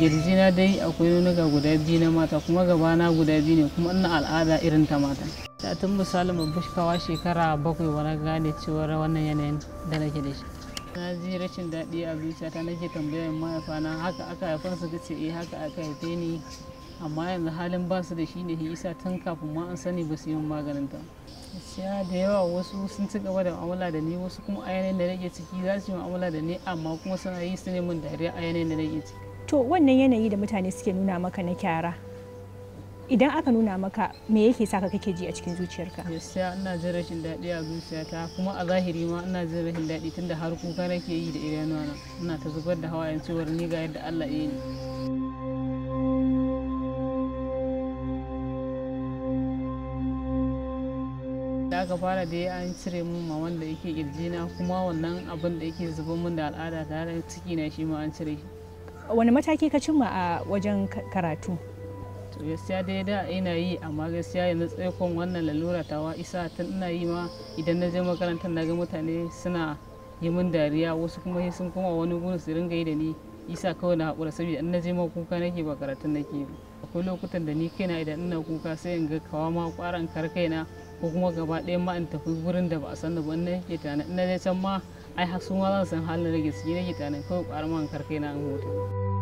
girjina dai akwai ga guda biyu na mata kuma gabana guda biyu ne kuma ina al'ada irin ta mata da tun misali bushkawa shekara bakwai wani gane cewa wannan yanayin da nake da shi na ji rashin daɗi a ta nake tambayar mahaifana haka aka haifar su ce eh haka aka haife ni amma yanzu halin ba su da shi ne isa tun kafin ma an sani ba su yi maganin ta gaskiya da yawa wasu sun ci gaba da mu'amala da ni wasu kuma a yanayin da nake ciki za su yi mu'amala da ni amma kuma suna yi su ne min dariya a yanayin da nake ciki to wannan yanayi da mutane suke nuna maka na kyara idan aka nuna maka me yake saka kake ji a cikin zuciyarka gaskiya ina jin rashin daɗi a zuciyata kuma a zahiri ma ina jin rashin daɗi tunda har kuka nake yi da idanuwa ina ta zubar da hawayen cewar ni ga yadda Allah ya yi da aka fara dai an cire mun ma wanda yake kirjina kuma wannan abin da yake zuba mun da al'ada tare ciki na shi ma an cire shi wani mataki ka cimma a wajen karatu to gaskiya dai da ina yi amma gaskiya yanzu tsaikon wannan lalura tawa isa tun ina yi ma idan na je makarantar na ga mutane suna yi min dariya wasu kuma sun koma wani gurin su ringa yi da ni isa kawai na haƙura saboda in na je ma kuka nake ba karatun nake ba akwai lokutan da ni kaina idan ina kuka sai in ga kawa ma karkaina kar kaina ko kuma gaba ɗaya ma in tafi gurin da ba a san da ba in yake tana ina na can ma ai har su za su san halin rage su je rage ko kawai ƙwarar karkai na an hoto.